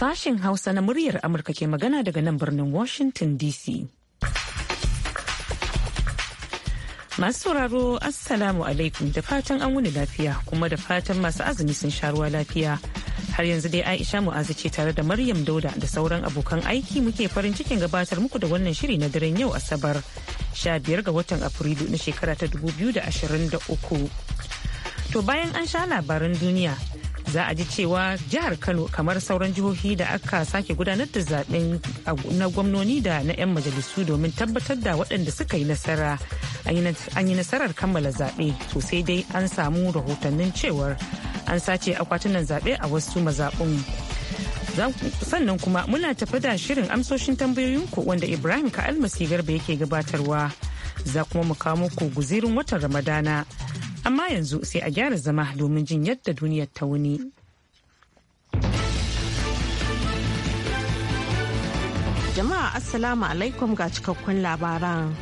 Sashen Hausa na muryar Amurka ke magana daga nan birnin Washington DC. Masu sauraro Assalamu alaikum da fatan an wuni lafiya kuma da fatan masu azumi sun sha ruwa lafiya. Har yanzu dai Aisha Mu'azu ce tare da Maryam Dauda da sauran abokan aiki muke farin cikin gabatar muku da wannan shiri na daren yau Asabar 15 ga watan Afrilu na shekara ta 2023. To bayan an sha labaran duniya za a ji cewa jihar kano kamar sauran jihohi da aka sake gudanar da zaben na gwamnoni da na 'yan majalisu domin tabbatar da waɗanda suka yi nasara an yi nasarar kammala zaɓe sosai dai an samu rahotannin cewar an sace akwatunan zaɓe a wasu mazaɓun sannan kuma muna tafi da shirin amsoshin tambayoyinku wanda ibrahim ka almasi garba yake gabatarwa za kuma mu kawo muku guzirin watan ramadana Amma yanzu sai a gyara zama domin jin yadda duniyar ta wuni. Jama'a Assalamu alaikum ga cikakkun labaran.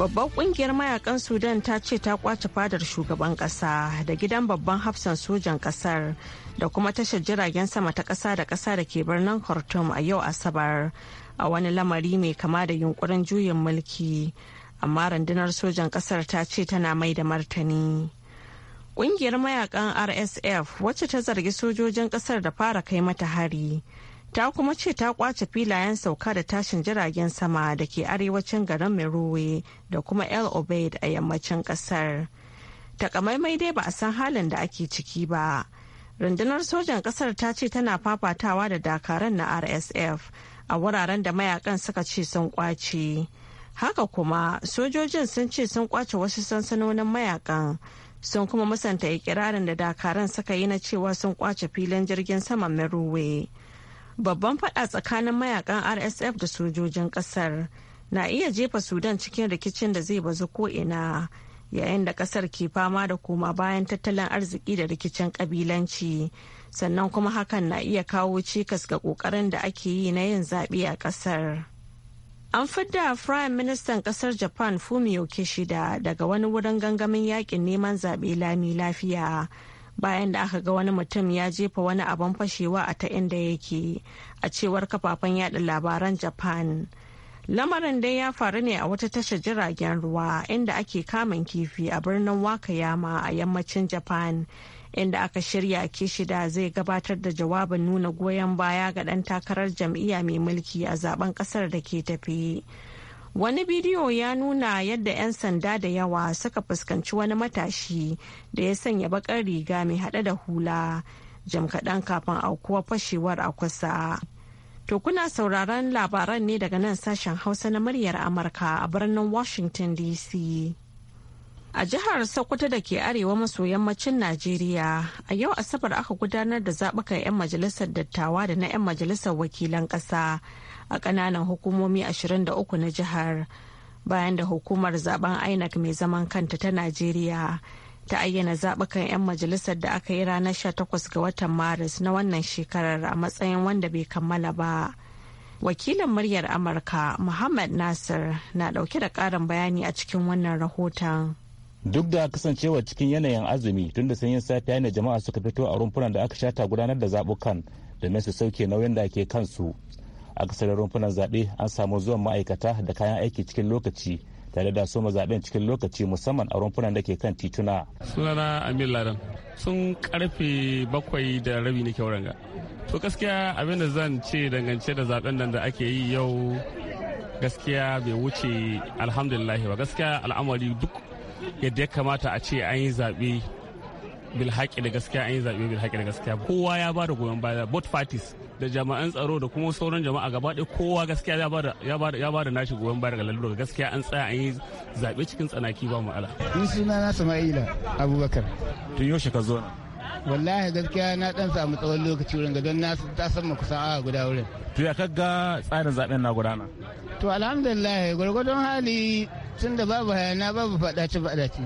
babban kungiyar mayakan Sudan ta ce ta kwace fadar shugaban kasa da gidan babban hafsan sojan kasar da kuma tashar jiragen sama ta kasa da kasa da ke birnin Khartoum a yau Asabar a wani lamari mai kama da yunkurin juyin mulki. amma rundunar sojan kasar ta ce tana mai da martani ƙungiyar mayakan rsf wacce ta zargi sojojin kasar da fara kai mata hari ta kuma ce ta kwace filayen sauka da tashin jiragen sama da ke arewacin garin merowe da kuma el obeid a yammacin kasar takamaimai dai ba a san halin da ake ciki ba rundunar sojan kasar ta ce tana fafatawa da dakaran na rsf a wuraren da mayakan suka ce sun kwace haka kuma sojojin sun ce sun kwace wasu sansanonin mayakan sun kuma musanta ikirarin da dakaran suka yi na cewa sun kwace filin jirgin saman meruwe babban fada tsakanin mayakan rsf da sojojin kasar na iya jefa sudan cikin rikicin da zai bazu ko ina yayin da kasar ke fama da koma bayan tattalin arziki da rikicin kabilanci sannan kuma hakan na iya kawo cikas ga kokarin da ake yi na yin zaɓe a kasar. An fidda Firayim Ministan kasar Japan Fumio Kishida daga wani wurin gangamin yakin neman zaɓe lami lafiya bayan da aka ga wani mutum ya jefa wani abin fashewa a ta inda yake a cewar kafafen yada labaran Japan. Lamarin dai ya faru ne a wata tashar jiragen ruwa inda ake kamun kifi a birnin Wakayama a yammacin Japan inda aka shirya a kishida zai gabatar da jawabin nuna goyon baya ga ɗan takarar jam'iyya mai mulki a zaben ƙasar da ke tafi. Wani bidiyo ya nuna yadda 'yan sanda da yawa suka fuskanci wani matashi da ya sanya baƙar riga mai haɗe da hula jam kaɗan kafin aukuwa fashewar a kusa. To kuna sauraron labaran ne daga nan sashen Hausa na muryar Amurka a birnin Washington DC. A jihar Sokoto da ke arewa maso yammacin Najeriya, a yau Asabar aka gudanar da zaɓukan 'yan majalisar dattawa da na 'yan majalisar wakilan ƙasa a ƙananan hukumomi 23 na jihar. Bayan da hukumar zaben INEC mai zaman kanta ta Najeriya ta ayyana zaɓukan 'yan majalisar da aka yi ranar 18 ga watan Maris na wannan shekarar a matsayin wanda bai kammala ba. Wakilin muryar Amurka Muhammad Nasir na ɗauke da ƙarin bayani a cikin wannan rahoton. duk da kasancewa cikin yanayin azumi tunda da sanyin safiya ne jama'a suka fito a rumfunan da aka shata gudanar da zaɓukan domin su sauke nauyin da ke kansu a kasar rumfunan zaɓe an samu zuwan ma'aikata da kayan aiki cikin lokaci tare da soma zaben cikin lokaci musamman a rumfunan da ke kan tituna. sunana amir ladan sun karfe bakwai da rabi na kyauranga to gaskiya abin da zan ce dangance da zaben nan da ake yi yau gaskiya bai wuce alhamdulillah ba gaskiya al'amari duk yadda ya kamata a ce an yi zaɓe bilhaƙi da gaskiya an yi zaɓe bilhaƙi da gaskiya kowa ya ba da goyon baya both parties da jama'an tsaro da kuma sauran jama'a gaba ɗaya kowa gaskiya ya ba da nashi goyon baya daga lalura gaskiya an tsaya an yi zaɓe cikin tsanaki ba mu'ala. ni suna na sama'ila abubakar. tun yaushe ka zo na. wallahi gaskiya na dan samu tsawon lokaci wurin ga don na ta ma kusa awa guda wurin. to ya kaga tsarin zaɓen na gudana. to alhamdulillah gwargwadon hali tunda babu hayana babu fadaci-fadaci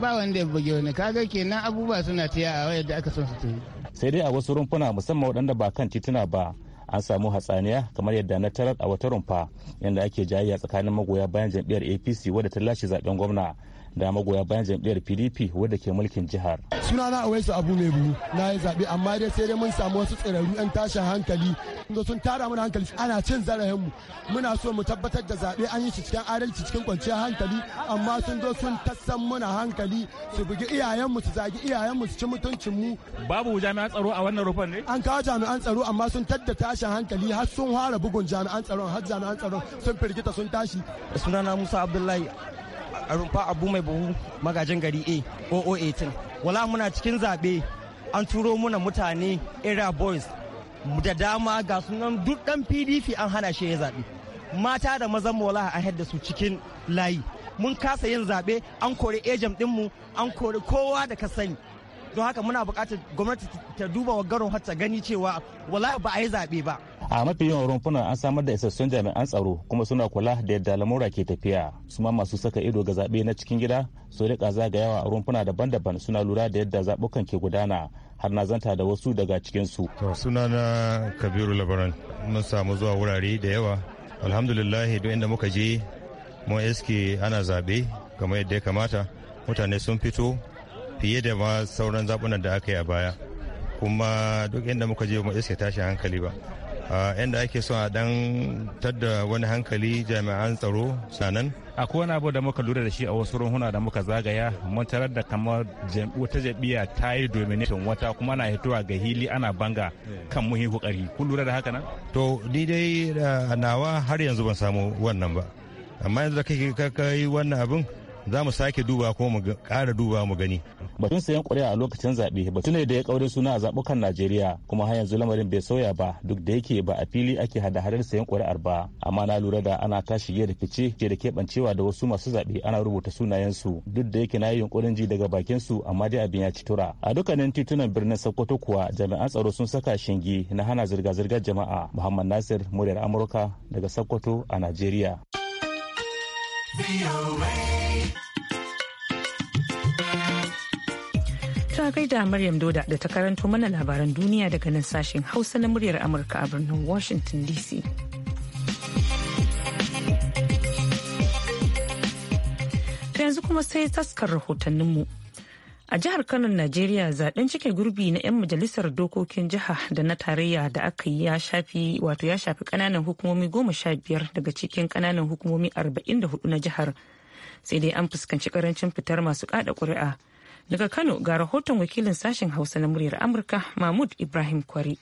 ba wanda ya buge wani kaga kenan abubuwa suna tiya a da aka son su tafi sai dai a wasu rumfuna musamman waɗanda ba kan tituna ba an samu hatsaniya kamar yadda na tarar a wata rumfa yadda ake jayayya tsakanin magoya bayan jam'iyyar apc wadda ta lashe zaben gwamna da magoya bayan jam'iyyar pdp wadda ke mulkin jihar sunana awaisu abu mai buru na yi zaɓe amma dai sai dai mun samu wasu tsirarru yan tashin hankali inda sun tara mana hankali ana cin mu muna so mu tabbatar da zaɓe an yi shi cikin adalci cikin kwanciyar hankali amma sun zo sun tassan muna hankali su bugi iyayenmu su zagi iyayenmu su ci mutuncinmu babu jami'an tsaro a wannan rufan ne an kawo jami'an tsaro amma sun tadda tashin hankali har sun fara bugun jami'an tsaron har jami'an tsaron sun firgita sun tashi na musa abdullahi a rumfa abu mai buhu magajin gari a oo 18 wala muna cikin zaɓe an turo muna mutane area boys da dama ga sunan duk dan pdp an hana shi ya zaɓe mata da mazan wala a da su cikin layi mun kasa yin zaɓe an kori ejam dinmu an kori kowa da ka sani don haka muna buƙatar gwamnati ta duba wa garin ta gani cewa wala ba a yi zaɓe ba a mafi yawan rumfunan an samar da isassun jami'an tsaro kuma suna kula da yadda lamura ke tafiya su ma masu saka ido ga zaɓe na cikin gida su riƙa zagayawa a rumfuna daban-daban suna lura da yadda zaɓukan ke gudana har na zanta da wasu daga cikin su. suna na kabiru labaran mun samu zuwa wurare da yawa alhamdulillah duk inda muka je mun iske ana zaɓe kamar yadda ya kamata mutane sun fito fiye da ma sauran zaɓunan da aka yi a baya kuma duk inda muka je mu iske tashi hankali ba yadda ake so a dan tadda wani hankali jami'an tsaro sanan akwai wani abu da muka lura da shi a wasu runhuna da muka zagaya mun tarar da kamar wata jabiya ta yi domination wata kuma ana hitowa ga hili ana banga kan muhin kokari kun lura da haka nan to ni dai eh, nawa har yanzu ban samu wannan ba amma yanzu da kake kai wannan abin za mu sake duba ko mu ƙara duba mu gani. Batun sayan ƙuri'a a lokacin zaɓe batu ne da ya ƙaure suna a zaɓukan Najeriya kuma har yanzu lamarin bai sauya ba duk da yake ba a fili ake hada-hadar sayan ƙuri'ar ba amma na lura da ana tashi shige da fice ke da keɓancewa da wasu masu zaɓe ana rubuta sunayensu duk da yake na yi yunƙurin ji daga bakin su amma dai abin ya ci tura. A dukkanin titunan birnin Sokoto kuwa jami'an tsaro sun saka shingi na hana zirga-zirgar jama'a Muhammad Nasir muryar Amurka daga Sokoto a Najeriya. Ta gaida Maryam Doda da ta karanto mana labaran duniya daga nan sashen Hausa na muryar Amurka a birnin Washington DC. Ta yanzu kuma sai taskar rahotanninmu. mu. A jihar Kano Najeriya zaɓen cike gurbi na 'yan majalisar dokokin jiha da na tarayya da aka yi ya shafi wato ya shafi kananan hukumomi goma sha biyar daga cikin kananan hukumomi arba'in da hudu na jihar. Sai dai an fuskanci karancin fitar masu kada ƙuri'a. Daga Kano ga rahoton wakilin sashen Hausa na muryar Amurka Mahmud Ibrahim Kwari.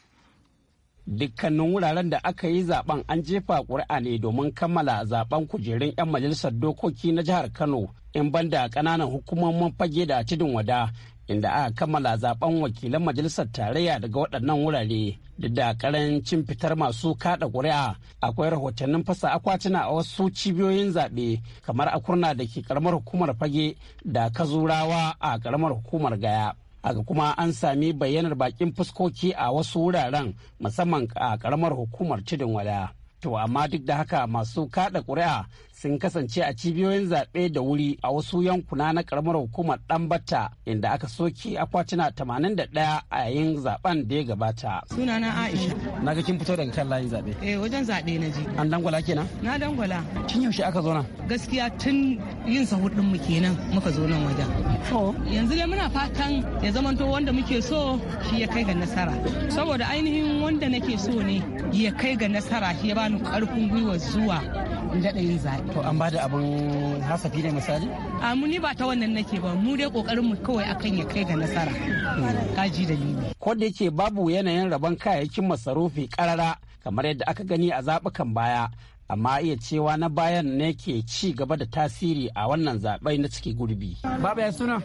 dukkanin wuraren da aka yi zaben an jefa ƙuri'a ne domin kammala zaben kujerun 'yan majalisar dokoki na jihar kano in banda ƙananan hukumomin fage da tudun wada inda aka kammala zaben wakilan majalisar tarayya daga waɗannan wurare duk da ƙarancin fitar masu kaɗa ƙuri'a akwai rahotannin fasa akwatuna a wasu cibiyoyin zaɓe kamar akurna da ke ƙaramar hukumar fage da kazurawa a ƙaramar hukumar gaya haka kuma an sami bayyanar bakin fuskoki a wasu wuraren musamman a karamar hukumar tudun wada to amma duk da haka masu kada ƙuri'a sun kasance a cibiyoyin zaɓe da wuri a wasu yankuna na karamar hukumar ɗanbata inda aka soke akwatuna 81 a yayin zaɓen da ya gabata. Sunana Aisha. Na ga kin fito daga kan layin zaɓe. Eh wajen zaɓe na je. An dangwala kenan? Na dangwala. Tun yaushe aka zo nan? Gaskiya tun yin sahur ɗin mu kenan muka zo nan wajen. To yanzu dai muna fatan ya zamanto wanda muke so shi ya kai ga nasara. Saboda ainihin wanda nake so ne ya kai ga nasara shi ya bani ƙarfin gwiwa zuwa in daɗa yin zaɓe. To an ba da abin hasafi ne misali? A mu ni ba ta wannan nake ba mu dai ƙoƙarin mu kawai akan ya kai ga nasara. Hmm. Kaji dalili. Ko da yake babu yanayin rabon kayayyakin masarufi ƙarara kamar yadda aka gani a zaɓukan baya amma iya cewa na bayan ne ke ci gaba da tasiri a wannan zaɓai na ciki gurbi. Babu ya suna?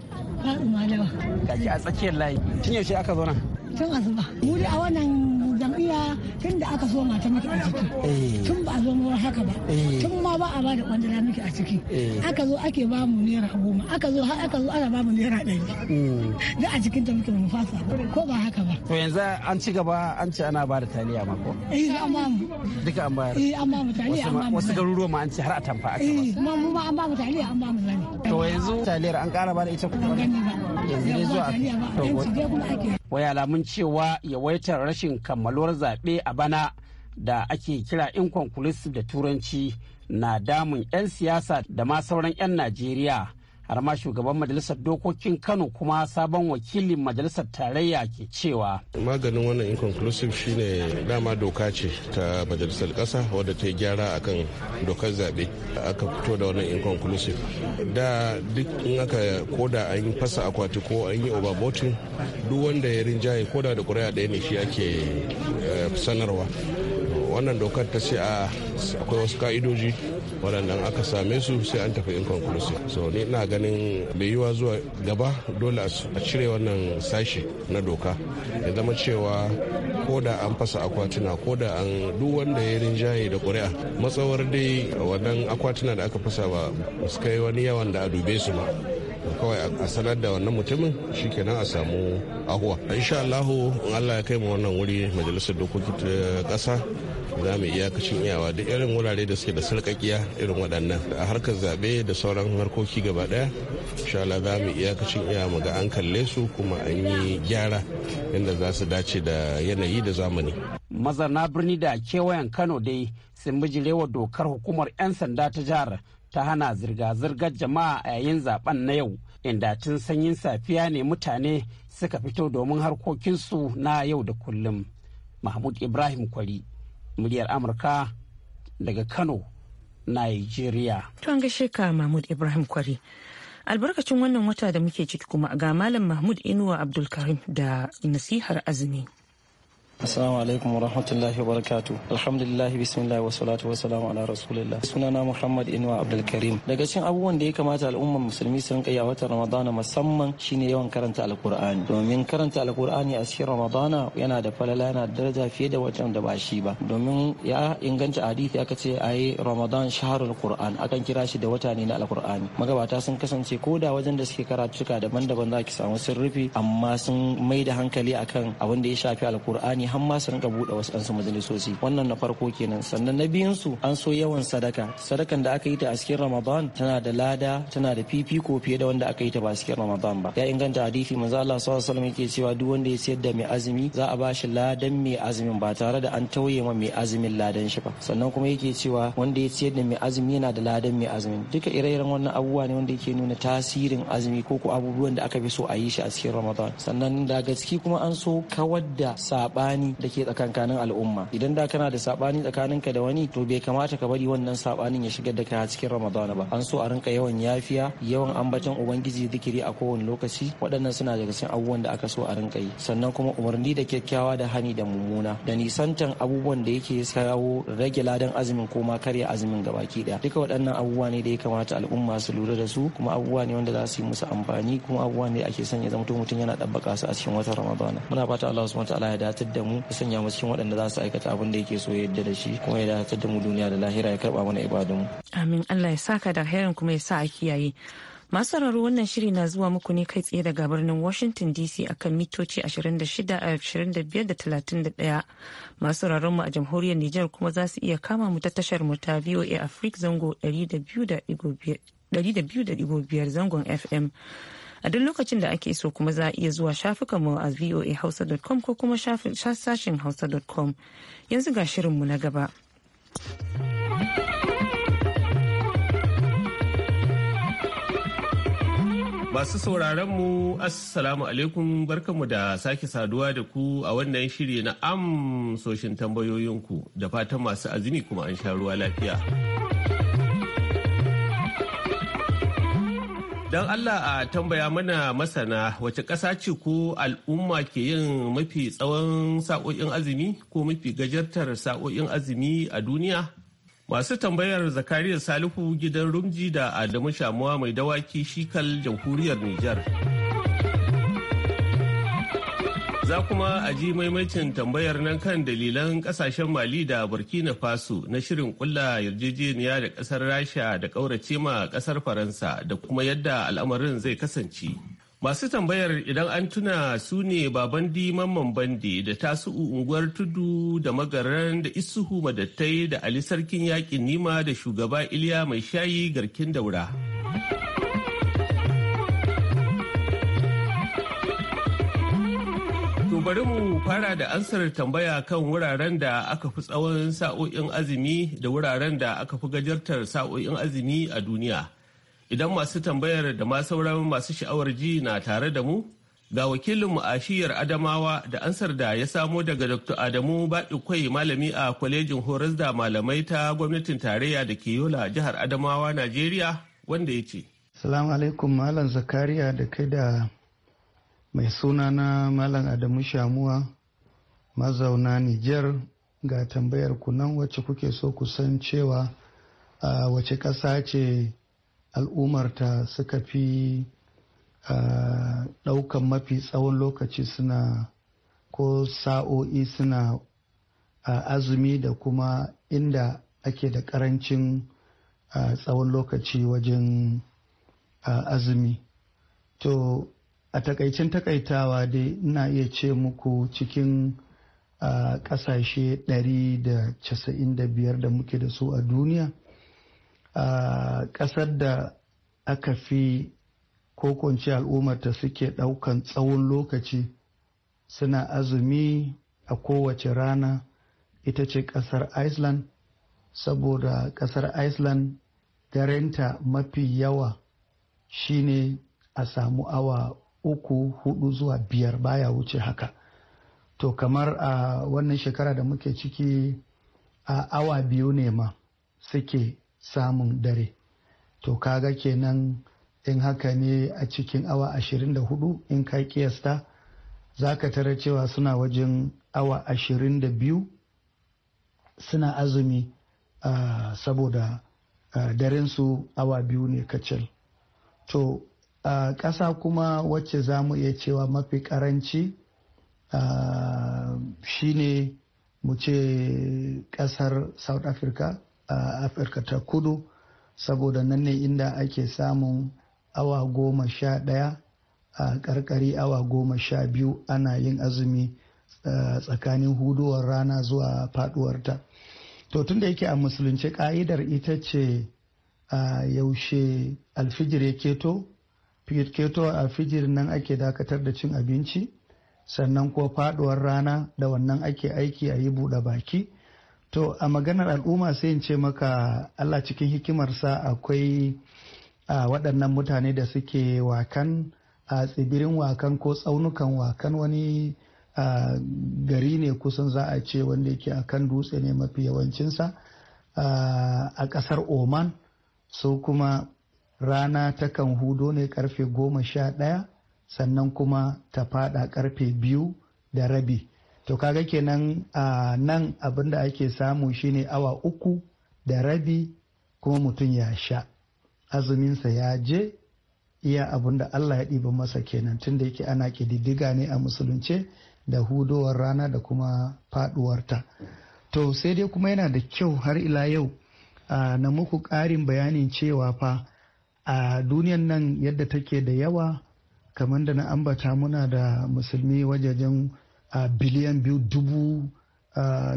Babu malama. Gaki a tsakiyar layi. Tun yaushe aka zo nan? Tun asuba. Mu a wannan jam'iyya tun da aka so mata miki a ciki eh. tun ba a zo mawar haka ba eh. tun ma ba a ba da kwandala miki a ciki eh. aka zo ake ba mu naira goma aka zo har aka zo ana mm. ba mu naira ɗari da a cikin ta muke mu fasa ko ba haka ba to yanzu an ci gaba an ce ana bada taliya ma ko eh an duka an bayar eh an mu taliya an mu wasu garuruwa ma an ce har a tamfa aka eh ma mu ma an ba mu taliya an mu zani to yanzu taliyar an kara bada ita ko yanzu ne zuwa wai alamun cewa yawaitar rashin kammaluwar zaɓe a bana da ake kira inconclusive da turanci na damun 'yan siyasa da ma sauran 'yan najeriya har ma shugaban majalisar dokokin kano kuma sabon wakilin majalisar tarayya ke cewa maganin wannan inconclusive shine dama doka ce ta majalisar kasa wadda ta yi gyara akan dokar zaɓe aka fito da wannan inconclusive da duk in aka koda an yi fasa akwati ko an yi overvoting duk wanda ya rinjaye koda da ƙuri'a ɗaya ne shi ake eh, sanarwa wannan dokar ta ce a ah, akwai wasu ka'idoji waɗannan aka same su sai an tafi inconclusive so ni ina ganin bai yiwa zuwa gaba dole a cire wannan sashi na doka ya zama cewa ko da an fasa akwatuna ko da an duk wanda ya rinjaye da ƙuri'a matsawar dai wannan akwatuna da aka fasa ba su kai wani yawan da a dube su ba kawai a sanar da wannan mutumin shi shikenan a samu ahuwa insha Allahu in Allah ya kai mu wannan wuri majalisar dokokin kasa za mu iyakacin iyawa duk irin wurare da suke da sarkakiya irin waɗannan a harkar zaɓe da sauran harkoki gaba ɗaya shala za mu iyakacin iya mu ga an kalle su kuma an yi gyara inda za su dace da yanayi da zamani mazana birni da kewayen kano dai sun bijirewa dokar hukumar 'yan sanda ta jihar ta hana zirga-zirgar jama'a a yayin zaben na yau inda tun sanyin safiya ne mutane suka fito domin harkokinsu na yau da kullum mahmud ibrahim kwari muryar amurka daga kano nigeria an gashe ka mahmud ibrahim kwari albarkacin wannan wata da muke ciki kuma ga malam mahmud inuwa abdulkarim da nasihar azumi Assalamu alaikum wa rahmatullahi wa barakatu. alhamdulillahi bismillah wa salatu wa salamu ala rasulillah. Sunana Muhammad Inuwa Abdulkarim. Daga cikin abubuwan da ya kamata al'ummar musulmi su rinka yi a watan Ramadana musamman shine yawan karanta Alkur'ani. Domin karanta Alkur'ani a cikin Ramadana yana da falala yana da daraja fiye da watan da ba shi ba. Domin ya inganta hadisi aka ce ayi Ramadan shaharul Qur'an akan kira shi da wata ne na Alkur'ani. Magabata sun kasance ko da wajen da suke karatuka daban-daban za ki samu sun amma sun mai da hankali akan abin da ya shafi Alkur'ani har ma su rinka buɗe wasu ɗansu majalisoci wannan na farko kenan sannan na biyun su an so yawan sadaka sadakan da aka yi ta a cikin ramadan tana da lada tana da fifiko fiye da wanda aka yi ta ba a cikin ramadan ba ya inganta hadisi manzo Allah sallallahu alaihi yake cewa duk wanda ya siyar da mai azumi za a ba shi ladan mai azumin ba tare da an tauye ma mai azumin ladan shi ba sannan kuma yake cewa wanda ya siyar da mai azumi yana da ladan mai azumin duka ire-iren wannan abubuwa ne wanda yake nuna tasirin azumi ko ko abubuwan da aka fi so a yi shi a cikin ramadan sannan daga ciki kuma an so kawar da saɓani sabani da ke tsakankanin al'umma idan da kana da sabani ka da wani to bai kamata ka bari wannan sabanin ya shigar da kai a cikin ramadana ba an so a rinka yawan yafiya yawan ambaton ubangiji zikiri a kowane lokaci waɗannan suna daga cikin abubuwan da aka so a rinka yi sannan kuma umarni da kyakkyawa da hani da mummuna da nisantan abubuwan da yake kawo rage ladan azumin ko ma karya azumin gabaki daya duka waɗannan abubuwa ne da ya kamata al'umma su lura da su kuma abubuwa ne wanda za su yi musu amfani kuma abubuwa ne ake son ya zamto mutum yana ɗabbaka su a cikin watan ramadana muna fata Allah subhanahu wa ta'ala ya dace da mu ya sanya mu cikin waɗanda za su aikata abin da yake so ya yadda da shi kuma ya dace da mu duniya da lahira ya karɓa mana ibadun mu amin Allah ya saka da alherin kuma ya sa a kiyaye masu sauraro wannan shiri na zuwa muku ne kai tsaye daga birnin Washington DC akan mitoci 26-25-31 masu sauraron mu a jamhuriyar Nijar kuma za su iya kama mu ta tashar mu ta VOA Africa zango 200.5 zangon FM a duk lokacin da ake so kuma za a iya zuwa shafukanmu a voahausa.com ko kuma sashen hausa.com yanzu ga shirinmu na gaba. Masu sauraron mu Assalamu alaikum barkanmu da sake saduwa da ku a wannan shiri na amsoshin tambayoyinku da fatan masu azumi kuma an sha ruwa lafiya. Don Allah a tambaya mana masana wace ƙasa ce ko al'umma ke yin mafi tsawon sa'o'in azumi ko mafi gajartar sa'o'in azumi a duniya? Masu tambayar Zakariya Salihu gidan Rumji da Adamu Shamuwa mai dawaki shikal jamhuriyar Nijar. Za kuma a ji maimacin tambayar nan kan dalilan kasashen Mali da Burkina Faso na shirin kulla yarjejeniya da kasar Rasha da kaurace ma kasar Faransa da kuma yadda al'amarin zai kasance. Masu tambayar idan an tuna su ne Babandi Mamman Bande da tasu Unguwar Tudu da Magaran da Isuhu Madattai da Ali Sarkin Yaƙin Nima da Shugaba Iliya Mai Shayi Garkin Daura. bari mu fara da ansar tambaya kan wuraren da aka fi tsawon sa'o'in azumi da wuraren da aka fi gajartar sa'o'in azumi a duniya. Idan masu tambayar da ma sauran masu sha'awar ji na tare da mu, ga wakilinmu a shiyar Adamawa da ansar da ya samo daga Dr. Adamu baɗi kwai malami a kwalejin horas da malamai ta gwamnatin tarayya da ke yola jihar Adamawa, Najeriya, wanda ya ce. Salamu alaikum Malam Zakariya da kai da mai suna na malam adamu shamuwa mazauna Nijar, ga tambayar ku nan wacce kuke so ku san cewa a wace ƙasa ce al'ummarta suka fi ɗaukan mafi tsawon lokaci suna ko sa'o'i suna azumi da kuma inda ake da ƙarancin tsawon lokaci wajen azumi to a takaicin takaitawa dai ina iya ce muku cikin a kasashe 195 da muke da su a duniya a kasar da aka fi kokonci al'ummarta suke daukan tsawon lokaci suna azumi a kowace rana ita ce kasar iceland saboda kasar iceland garenta mafi yawa shine a samu awa uku hudu zuwa biyar baya wuce haka to kamar a wannan shekara da muke ciki a awa biyu ne ma suke samun dare to kaga kenan in haka ne a cikin awa ashirin da hudu in ka kiyasta za ka tara cewa suna wajen awa ashirin da biyu suna azumi uh, saboda uh, darensu awa biyu ne kacal to a ƙasa kuma wacce za mu iya cewa mafi ƙaranci shi shine mu ce ƙasar south africa a afirka ta kudu saboda nan ne inda ake samun awa goma sha ɗaya a ƙarƙari awa goma sha biyu ana yin azumi tsakanin huduwar rana zuwa faɗuwarta to tun da yake a musulunci ƙa'idar ita ce yaushe alfijir ya keto keto a fijir nan ake dakatar da cin abinci sannan ko faduwar rana da wannan ake aiki a yi buɗe baki to a maganar al'umma sai in ce maka allah cikin hikimarsa akwai a waɗannan mutane da suke wakan a tsibirin wakan ko tsaunukan wakan wani a gari ne kusan za a ce wanda yake a kan dutse ne mafi yawancinsa a ƙasar oman su kuma rana takan hudo ne karfe goma sha ɗaya sannan kuma ta fada karfe biyu da rabi to kaga kenan a nan abinda ake samu shine awa uku da rabi kuma mutum ya sha azuminsa ya je iya abinda Allah ya ɗiba masa kenan tunda yake ana ƙididdiga ne a musulunce da hudowar rana da kuma faduwarta. to sai dai kuma yana da kyau har ila yau na muku ƙarin bayanin cewa fa a duniyan nan yadda take da yawa kamar da na ambata muna da musulmi wajajen a biliyan biyu dubu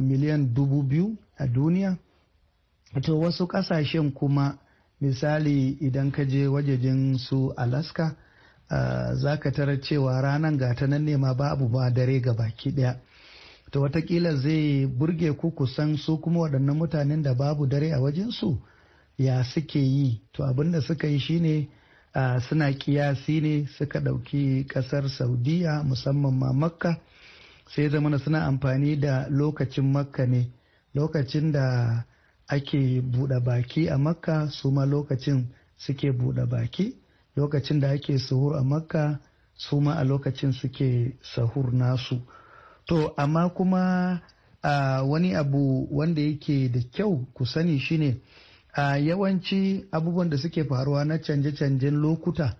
miliyan dubu biyu a duniya to wasu kasashen kuma misali idan ka je wajajen su alaska za ka tara cewa ranar gata nan ne ma babu ba dare ga baki daya to watakila zai burge ku kusan su kuma waɗannan mutanen da babu dare a wajen su? ya suke yi to abin da suka yi shine uh, suna kiyasi ne suka ɗauki kasar saudiya musamman ma makka sai zamana suna amfani da lokacin makka ne lokacin da ake buɗe baki a makka su ma lokacin suke buɗe baki lokacin da ake suhur a makka su ma a lokacin suke sahur nasu to amma kuma uh, wani abu wanda yake da kyau ku sani shine a yawanci abubuwan da suke faruwa na canje-canjen lokuta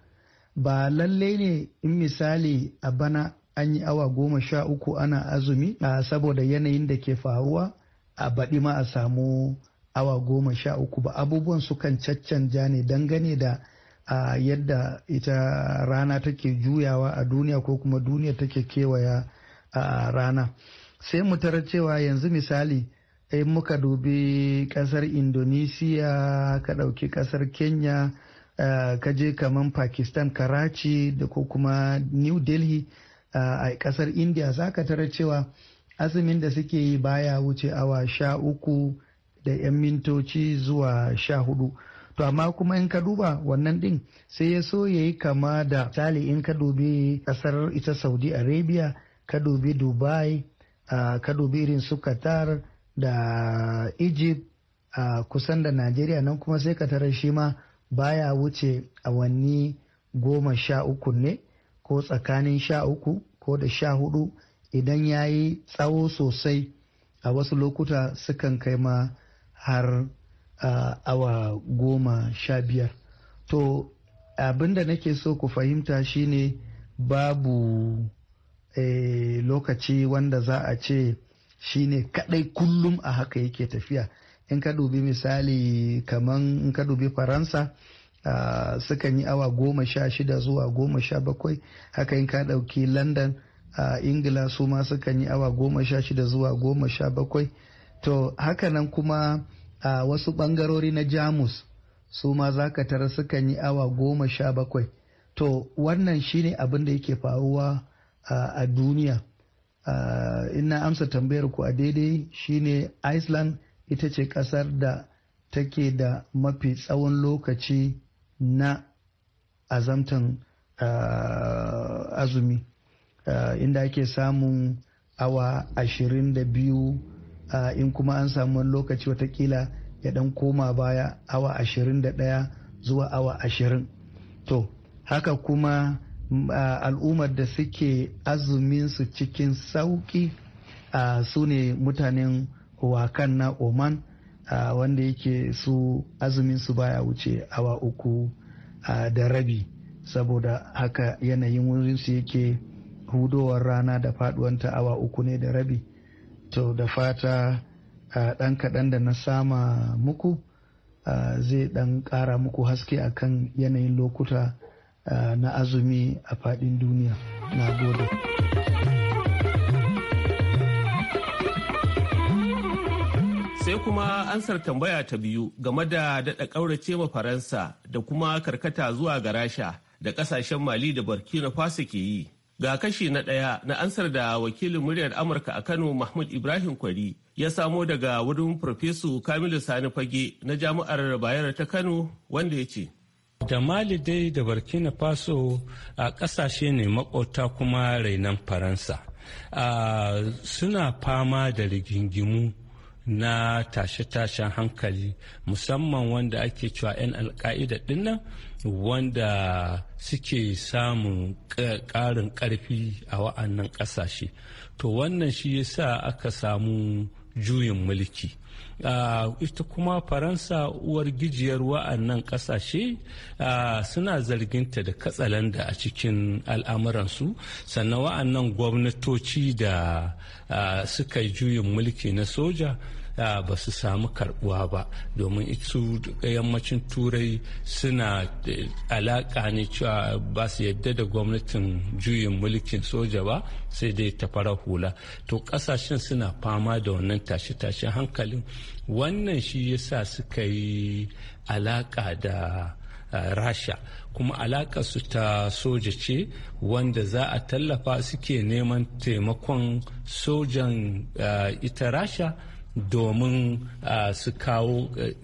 ba lalle ne in misali a bana an yi awa goma sha uku ana azumi a saboda yanayin da ke faruwa a baɗi ma a samu awa goma sha uku ba abubuwan su kan caccanja ne dangane da a yadda ita rana take juyawa a duniya ko kuma duniya take kewaya a rana sai mu tara cewa yanzu misali in muka dubi kasar indonesia ka ɗauki kasar kenya uh, ka je kaman pakistan karachi da ko kuma new delhi uh, a kasar india za ka tara cewa azumin da suke yi baya wuce awa sha uku da 'yan mintoci zuwa sha hudu to amma kuma in ka duba wannan din sai ya so ya yi kama da misali in ka dubi kasar ita saudi arabia ka dubi dubai uh, ka dubi irin su qatar da egypt a kusan da najeriya nan kuma sai ka tarar shi ma baya wuce awanni goma sha uku ne ko tsakanin sha uku ko da sha hudu idan ya yi tsawo sosai a wasu lokuta sukan kai ma har awa goma sha biyar to abin da nake so ku fahimta shine babu eh, lokaci wanda za a ce Shi ne kadai kullum a haka yake tafiya in ka dubi misali kaman in ka dubi faransa sukan yi awa goma sha shida zuwa goma sha bakwai haka in ka dauki london a ingila su ma sukan yi awa goma sha shida zuwa goma sha bakwai to haka nan kuma a wasu bangarori na jamus su ma za ka tara sukan yi awa goma sha bakwai to wannan shine abin da yake faruwa a duniya Eh, ina amsa tambayar ku a daidai shine iceland ita ce kasar da take da mafi tsawon lokaci na azamtan uh, azumi uh, inda ake samun awa ashirin da biyu in kuma an samu wani lokaci watakila ya dan koma baya awa ashirin da ɗaya zuwa awa ashirin to haka kuma al'ummar da suke azumin su cikin sauki su ne mutanen wakan na oman wanda yake su azumin su baya wuce awa uku da rabi saboda haka yanayin wurinsu yake hudowar rana da faduwanta awa uku ne da rabi to da fata ɗan kaɗan da na sama muku zai ɗan ƙara muku haske akan yanayin lokuta na azumi a faɗin duniya na gode sai kuma ansar tambaya ta biyu game da daɗa ƙaurace ma faransa da kuma karkata zuwa ga rasha da ƙasashen mali da burkina faso ke yi ga kashi na ɗaya na ansar da wakilin muryar amurka a kano mahmud ibrahim kwari ya samo daga wurin farfesu kamilu sani fage na jami'ar bayero ta kano wanda ya ce da mali dai da burkina faso a ƙasashe ne makota kuma rainan faransa suna fama da rigingimu na tashe-tashen hankali musamman wanda ake cewa 'yan alka'ida dinnan wanda suke samun ƙarin ƙarfi a wa'annan ƙasashe to wannan shi yasa aka samu juyin mulki Ah, ita kuma faransa uwar gijiyar wa'annan kasashe ah, suna zarginta da katsalanda a cikin al'amuransu sannan wa'annan gwamnatoci da ah, suka yi juyin mulki na soja ba su samu karbuwa ba domin su yammacin turai suna alaka ne cewa ba su yadda da gwamnatin juyin mulkin soja ba sai dai ta fara hula to kasashen suna fama da wannan tashe-tashe hankalin wannan shi yasa suka yi alaka da rasha kuma alaƙa su ta soja ce wanda za a tallafa suke neman taimakon sojan uh, ita rasha domin ah, su kawo eh,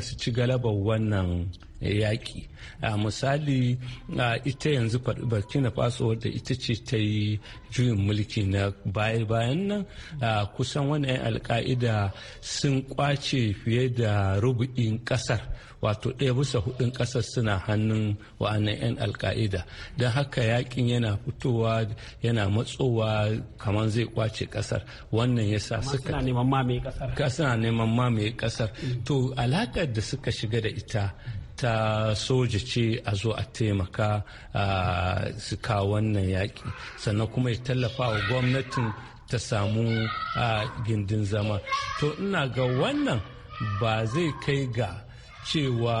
su ci galabar wannan Eh, yaƙi a misali a ita yanzu burkina faso wadda ita ce ta yi juyin mulki na baya-bayan nan kusan wani 'yan alka'ida sun kwace fiye da rubu'in ƙasar wato ɗaya bisa hudun ƙasar suna hannun wa'annan 'yan alka'ida don haka yakin yana fitowa yana matsowa kamar zai kwace ƙasar wannan ya sa suka neman mamaye ƙasar mm. to alakar da suka shiga da ita ta soja ce a zo a taimaka su kawo wannan yaƙi sannan kuma ya tallafa wa gwamnatin ta samu gindin zama to ina ga wannan ba zai kai ga cewa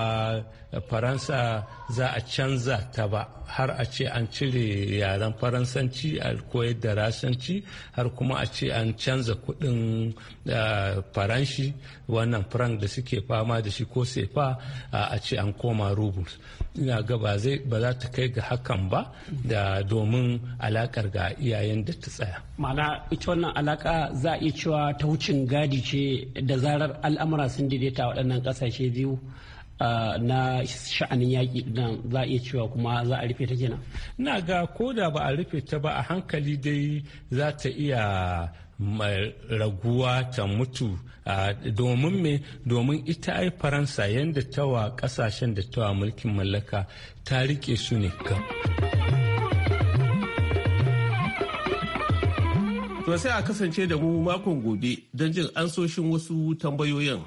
faransa za a canza ta ba har a ce an cire yaren faransanci a koyar da rasanci har kuma a ce an canza kudin eh, faranshi wannan frank da suke fama da shi ko sefa a ce an koma rubles ina ga ba za ta kai ga hakan ba da domin alakar ga iyayen da ta tsaya ma'ana ita wannan alaka za a iya cewa ta wucin gadi ce da zarar al'amura sun daidaita waɗannan ƙasashe biyu Eh, na sha'anin yaƙi nan za a iya cewa kuma za a rufe ta kenan. na ga ko da ba a rufe ta ba a hankali dai za ta iya raguwa ta mutu domin me domin ita ai faransa yadda tawa kasashen da tawa mulkin mallaka ta rike su ne kam. to a kasance da mu makon gobe don jin ansoshin wasu tambayoyin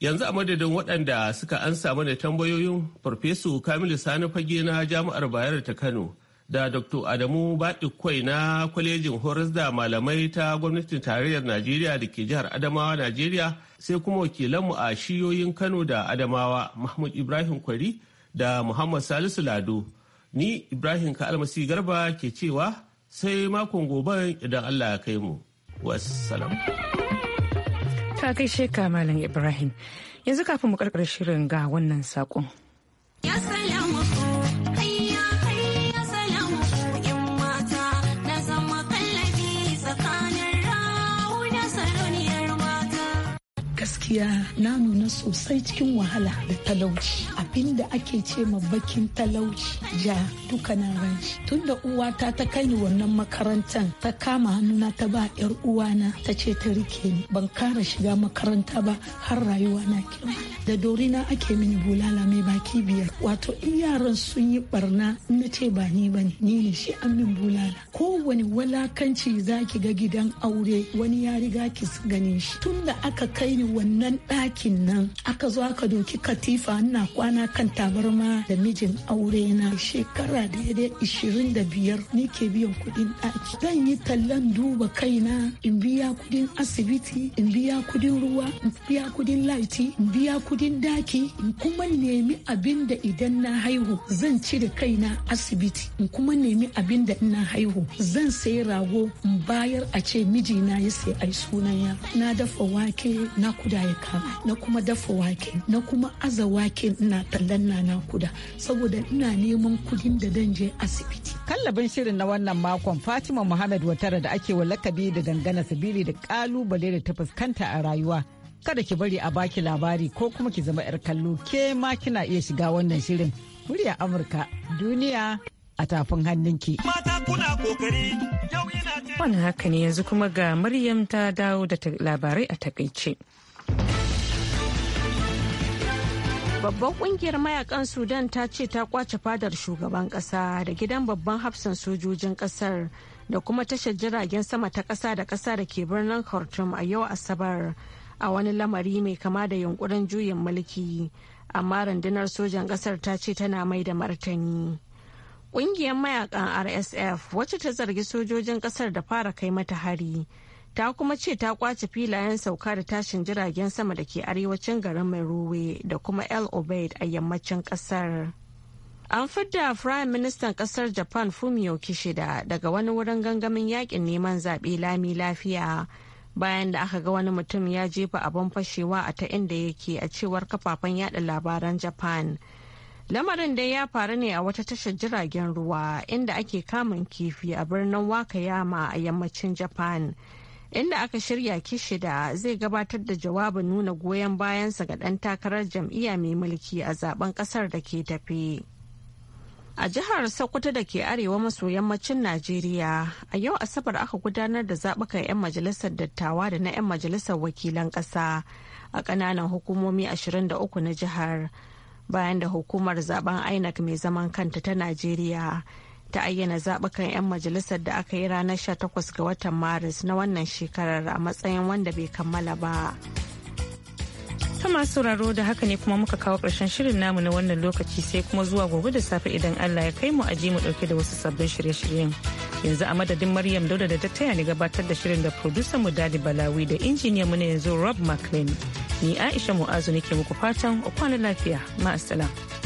Yanzu a madadin waɗanda suka ansa mana tambayoyin Farfesu Kamilu Sani Fage na Jami'ar Bayar ta Kano da Dr. Adamu Baɗikwai na kwalejin horas da malamai ta gwamnatin tarayyar Najeriya da ke jihar Adamawa Najeriya sai kuma wakilanmu a shiyoyin Kano da Adamawa Mahmud Ibrahim Kwari da Muhammad Salisu Lado. Ni Ibrahim ka Almasi Garba ke cewa sai makon gobe idan Allah ya kai mu. Wassalam. Ta gaishe ka Malam Ibrahim. Yanzu kafin mu karkar shirin ga wannan saƙon. Ya gaskiya na nuna sosai cikin wahala da talauci abinda ake ce ma bakin talauci ja duka na ranci tunda uwata ta kai wannan makarantar ta kama hannuna ta ba yar uwana ta ce ta rike ni ban kara shiga makaranta ba har rayuwa na kira da dorina ake mini bulala mai baki biyar wato in yaran sun yi barna na ce ba ni ba ne ni ne shi an min bulala kowane walakanci zaki ga gidan aure wani ya riga ki gane shi tunda aka kai ni wannan nan ɗakin nan aka zo aka doki katifa ina kwana kan tabarma da mijin aure na shekara da ya ishirin da biyar ni ke biyan kudin ɗaki zan yi tallan duba kaina in biya kudin asibiti in biya kudin ruwa in biya kudin laiti in biya kudin daki in kuma nemi abin da idan na haihu zan ci da kaina asibiti in kuma nemi abin da ina haihu zan sayi rago in bayar a ce mijina ya sai ai sunan ya na dafa wake na kudaya. ya na kuma dafa wake na kuma aza wake ina tallan na nakuda saboda ina neman kudin da dan asibiti kallabin shirin na wannan makon fatima muhammad watara da ake wa lakabi da dangana sabili da kalubale da ta fuskanta a rayuwa kada ki bari a baki labari ko kuma ki zama 'yar kallo ke ma kina iya shiga wannan shirin murya amurka duniya a tafin hannunki. ki. Wani haka ne yanzu kuma ga Maryam ta dawo da labarai a takaice. Babban kungiyar mayakan Sudan ta ce ta kwace fadar shugaban kasa da gidan babban hafsan sojojin kasar da kuma tashar jiragen sama ta kasa da kasa da ke birnin Khartoum a yau Asabar a wani lamari mai kama da yunkurin juyin mulki. Amma rundunar sojan kasar ta ce tana mai da martani. Kungiyar mayakan RSF wacce ta zargi sojojin kasar da fara kai mata hari. ta kuma ce ta kwace filayen sauka da tashin jiragen sama da ke arewacin garin Merowe da kuma El Obeid a yammacin kasar. An fidda Firayim Ministan kasar Japan Fumio Kishida daga wani wurin gangamin yakin neman zaɓe lami lafiya bayan da aka ga wani mutum ya jefa abin fashewa a ta inda yake a cewar kafafen yada labaran Japan. Lamarin dai ya faru ne a wata tashar jiragen ruwa inda ake kamun kifi a birnin Wakayama a yammacin Japan. inda aka shirya kishi da zai gabatar da jawabin nuna goyon bayansa ga ɗan takarar jam'iyya mai mulki a zaben ƙasar da ke tafi. A jihar Sokoto da ke arewa maso yammacin Najeriya, a yau Asabar aka gudanar da zaɓukan 'yan majalisar dattawa da na 'yan majalisar wakilan ƙasa a ƙananan hukumomi 23 na jihar, bayan da hukumar zaben INEC mai zaman kanta ta Najeriya. ta ayyana zaɓukan 'yan majalisar da aka yi ranar 18 ga watan maris na wannan shekarar a matsayin wanda bai kammala ba. ta masu sauraro da haka ne kuma muka kawo karshen shirin namu na wannan lokaci sai kuma zuwa gobe da safe idan Allah ya kai mu aji mu ɗauke da wasu sabbin shirye-shiryen. Yanzu a madadin Maryam Dauda da ta ne gabatar da shirin da producer mu Dadi Balawi da injiniya mu na yanzu Rob McLean. Ni Aisha Mu'azu ke muku fatan a kwana lafiya. ma'asala.